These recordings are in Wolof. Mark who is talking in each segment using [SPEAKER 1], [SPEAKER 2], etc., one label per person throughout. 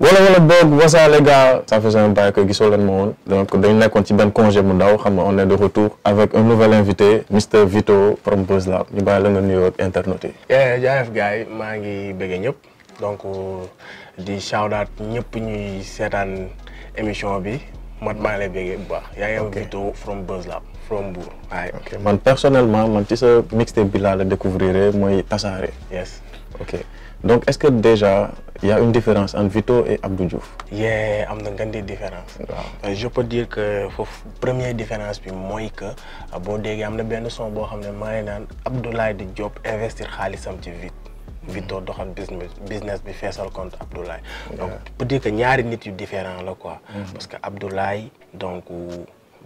[SPEAKER 1] wala wala boog les gars ça faisait un bail que gisoo leen ma donc dañ nekkoon ci ben congé bu ndaw xam nga on est de retour avec un nouvel invité Mr Vito from Buzz Lab ñu bàyyi la nga nuyoo internet yi
[SPEAKER 2] eh gars gay ma ngi bëggee ñëpp donc di shout out ñëpp ñuy sétane émission bi man ma ngi lay bëggee bu baax ya ngi Vito from Buzz Lab from Mbour waaye man
[SPEAKER 1] personnellement man ci sa mixtape bi la découvrir moy tasaare yes ok donc, est-ce que déjà, il y a une différence entre Vito
[SPEAKER 2] et Abdou Diouf Yeah, il y a une grande différence. Wow. Je peux dire que la première différence, c'est que si tu as un son, Abdoulaye Diop investir Khalisam dans Vito. Vito hmm. doxal business business bi fessal compte Abdoulaye. donc peut dire que ñaari nit yu différent la quoi. Hmm. parce que Abdoulaye donc.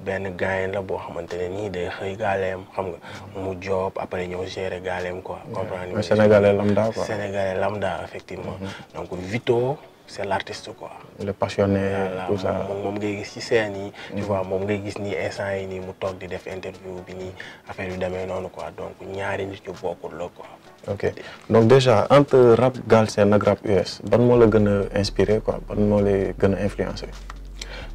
[SPEAKER 2] Ben gaayen la bo xamante ni day xey galem xam nga mu job après ñeu gérer galem quoi. comprendre mais sénégalais lambda quoi sénégalais lambda effectivement. Mm-hmm. donc Vito c'est l'artiste quoi.
[SPEAKER 1] le passionné tout ça mom
[SPEAKER 2] ngay gis ci scène yi. tu mm-hmm. vois mom ngay gis nii instant yi nii mu tok di def interview bi ni affaire yu demee nonu quoi donc ñaari nit yu bokkul lo quoi.
[SPEAKER 1] ok donc déjà entre rap gal c'est rap US ban mo la gëna inspirer inspiré quoi ban
[SPEAKER 2] mo lay gëna influencer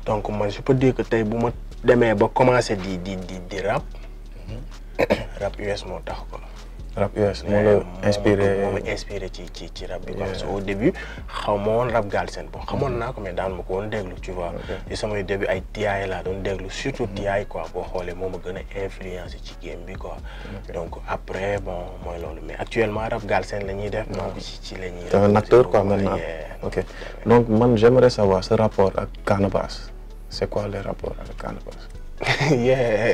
[SPEAKER 2] donc moi je peux dire que tey bu ma demee ba commencé di di di di rap. rap US mon tax quoi.
[SPEAKER 1] rap US moo le euh, inspiré ma
[SPEAKER 2] inspiré ci ci ci rap bi parce au début comment rap Galsen bon comment naa ko mais daan ma ko woon déglu tu vois. ci samay début ay T.I là donc déglu surtout T.I quoi bon xoolee moo me gën influence influencé ci game bi quoi. donc après bon mooy loolu mais actuellement rap Galsen la ñuy def. donc ci ci la un
[SPEAKER 1] acteur quoi maintenant ok donc man j'aimerais savoir ce rapport ak Canabasse. C'est quoi le rapport avec Canabasse
[SPEAKER 2] yeah,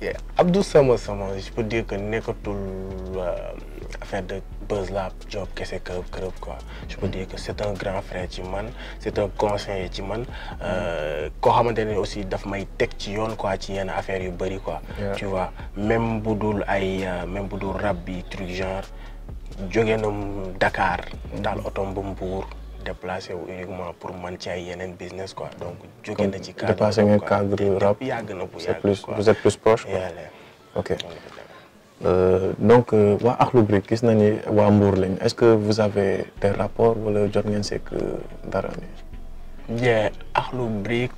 [SPEAKER 2] yeah. Abdou Sama Sama, je peux dire que Nekotul, euh, affaire de buzz la job, que c'est curb, curb quoi. Je peux dire que c'est un grand frère Timan, c'est un conseiller de moi. Euh, mm. aussi, daf may tek ci yoon quoi, ci yenn affaire yu bari quoi. Yeah. Tu vois, même budul ay, euh, même budul rabbi truc genre, jóge Dakar, dans otom ba déplacé uniquement pour maintenir un business quoi donc. je na dans cadre dépassé ngeen
[SPEAKER 1] cadre rap
[SPEAKER 2] plus vous êtes plus
[SPEAKER 1] proche quoi. ok euh, donc euh, wa Akhlou Brick gis nañu ni wa Mbour est-ce que vous avez des rapports wala le ngeen c'est que darani?
[SPEAKER 2] bien Akhlou Brick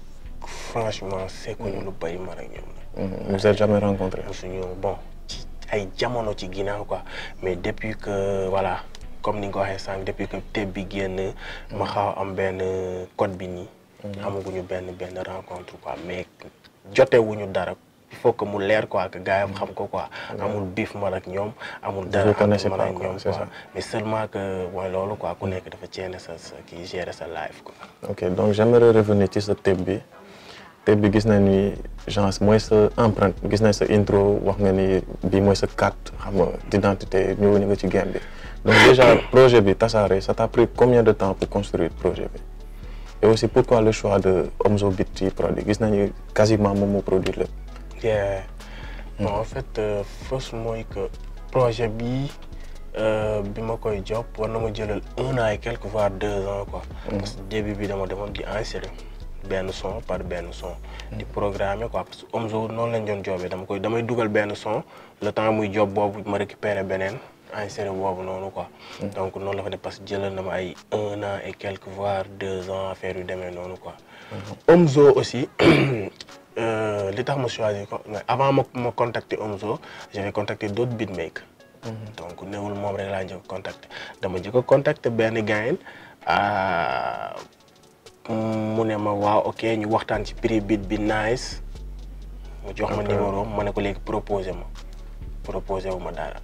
[SPEAKER 2] franchement c'est lu nous man ak ñoom.
[SPEAKER 1] Mhm. vous êtes jamais rencontré.
[SPEAKER 2] bon ci jamais jamono ci ginnaaw quoi mais depuis que voilà comme ni nga ko waxee sànq depuis que téb bi génn. ma xaw am benn code bi nii. Mhm. amaguñu benn benn rencontre quoi mais jotewuñu dara. il faut que mu leer quoi que gars yi xam ko quoi. amul biif man ak ñom amul dara man ak ñoom quoi mais seulement que mooy lolu quoi ku mhm. nekk dafa ceene sa qui gère gérer sa life quoi.
[SPEAKER 1] ok donc j'aimerais revenir ci sa thème bi clip bi gis nañ ni genre mooy sa empreinte gis nañ sa intro wax nga ni bii mooy sa carte xam nga d'identité ñëw ni nga ci game bi donc déjà projet bi Tassare ça t'a pris combien de temps pour construire projet bi et aussi pourquoi le choix de Omzo Beat ci produit gis nañu quasiment moom produire lépp.
[SPEAKER 2] yeah hmm. bon en fait euh, first mooy que projet bi euh, bi ma koy job war na ma jëlal un an et quelque voire deux ans quoi. Hmm. parce début bi dama demoon di insérer ben son par ben son. di programmer quoi parce que Omzo non lañ done joobee dama koy damay dugal ben son le temps muy job boobu ma récupérer beneen inséré boobu noonu quoi. Mm. donc non la fa ne parce que jëlal na ma ay un an et quelques voire deux ans affaire yu demee noonu quoi. Mm-hmm. Omzo aussi. Euh, li tax ma choisir quoi avant ma ma contacter Omzo j'avais contacté d'autres beatmakers. Mm-hmm. donc newul mom rek la ñu contacter dama njëkk contacter ben gars à mu ma waaw ok ñu waxtaan ci prix bit bi nice mu jox ma numéro ma ne ko légui proposer ma Proposer wu ma dara.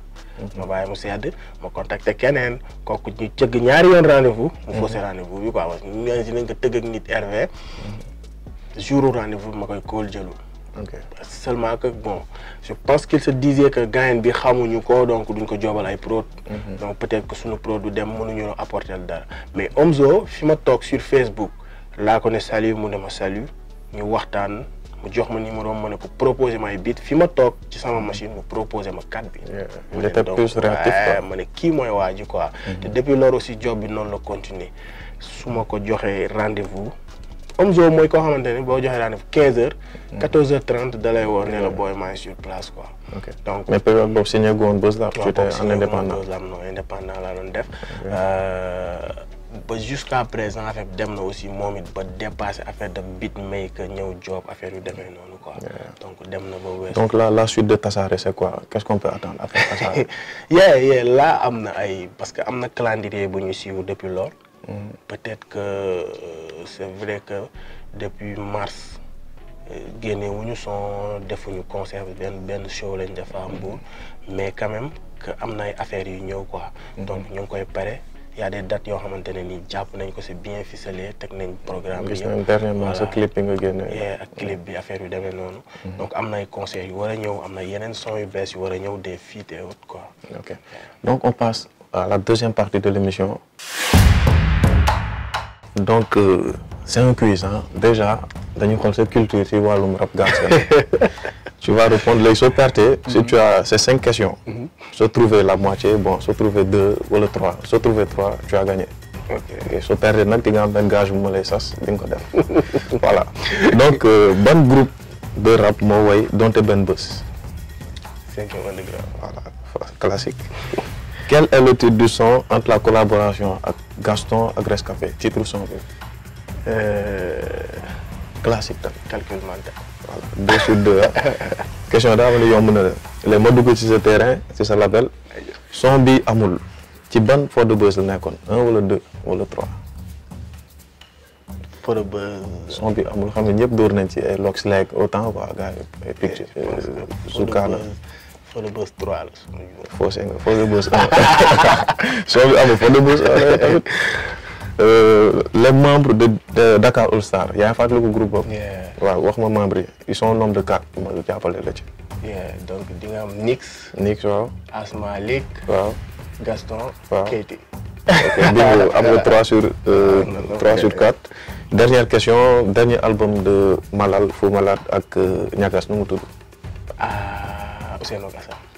[SPEAKER 2] ma baye mu sédd, ma contacter kenen, kokku ñu jëgg ñaar yoon rendez-vous. mu mhm. faussé rendez-vous bi quoi parce que ñu si nañ ko tëgg ak nit RV. Mhm. jour rendez-vous ma koy kóol jëlu. ok seulement que bon je pense qu'il se disait que gain bi xamuñu ko donc duñ ko joobal ay prod. Mhm. donc peut-être que suñu prod du dem mënuñu apporter dara mais Omzo fi ma tok sur Facebook. laa ko ne salut mu ne ma salut ñu waxtaan mu jox ma numéro ma ne ko proposé may biit fi ma toog ci sama machine mu proposé ma kat bi. ma ne kii mooy waa ji quoi. Mm-hmm. te depuis loolu aussi job bi noonu la continuer su ma ko joxee rendez-vous. Omzo mooy koo xamante ne boo joxee rendez-vous 15 heures. 14 mm-hmm. heures 30 da lay woon ne la booy maa ngi sur place quoi. ok donc mais
[SPEAKER 1] période boobu signé gu woon Buzz Lab. tu étais indépendant
[SPEAKER 2] laa doon def. Euh, ba jusqu'à présent affaire demna aussi momit ba dépassé affaire de beatmaker ñeu job affaire yu demee nonu quoi. donc demna ba donc là
[SPEAKER 1] la suite de Tassare c'est quoi qu'est-ce qu'on peut attendre après Tassare.
[SPEAKER 2] yeah yeah là amna ay parce que amna calendrier bu ñu suivre depuis lors. Mm-hmm. peut-être que euh, c'est vrai que depuis mars. Euh, génne wuñu son defu ñu concert ben ben show lañ def à Mbour mm-hmm. mais quand même que amna ay affaire yu ñeu quoi. Mm-hmm. donc ñu ngi koy pare y a des dates yoo xamante ne nii jàpp nañ ko si bien ficelé teg nañ programme bi. gis nañ dernièrement sa clip bi nga génne. ak clip bi affaire yu demee non. Mhm. donc am na ay conseils yu war a ñëw am na yeneen son yu bees yu war a ñëw des feats et autres quoi. ok
[SPEAKER 1] donc on passe à la deuxième partie de l'émission donc euh, c'est un quiz hein. déjà dañu xool sa culture si wàllum rap garçon? tu vas répondre les soit pertes si tu as ces cinq questions. Mhm. Se trouver la moitié, bon, se trouver deux ou le trois, se trouver trois, tu as gagné. ok Soit perdre n'a pas nga un gage bu ma ça voilà donc euh, bon groupe de rap moi dont donte bonne bés. voilà classique. quel est le titre du son entre la collaboration avec Gaston ak Café? titre son
[SPEAKER 2] euh... classique tamit calcul
[SPEAKER 1] mental. voilà deux sur deux question daa amal yomb na la léegi ma dugg ci sa terrain ci sa label son bi amul ci ban for de buzz la nekkoon un wala deux wala trois. for son bi amul xam nga ñëpp dóor nañ ci ay lox like autant quoi gars yi ay picc. sukaana
[SPEAKER 2] for de buzz trois la.
[SPEAKER 1] amul for de buzz Euh, les membres de, de Dakar All Star yaa ngi fàttaliku groupe boobu. waaw wax ma membre yi ils sont nombre de quatre ma jàppale la ci.
[SPEAKER 2] donc di nga am Nix. Nix waaw. Asma Lik. waaw. Gaston. waaw katie
[SPEAKER 1] ok bingo am nga trois sur euh, trois sur quatre. dernière question dernier album de Malal Fou Malade ak Niagas euh, nu mu tudd.
[SPEAKER 2] ah Ousseynou Gassa.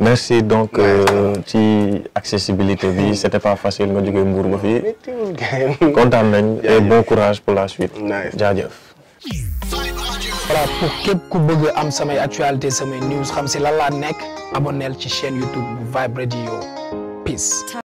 [SPEAKER 1] merci donc euh, ci accessibilité vie, c'était pas facile nga jógee Mbour ba fii nañ et bon courage pour la suite jaajëf
[SPEAKER 2] voilà pour képp ku bëgg am samay actualité samay news xam si la la nek à ci chaîne YouTube bu Vibe Radio peace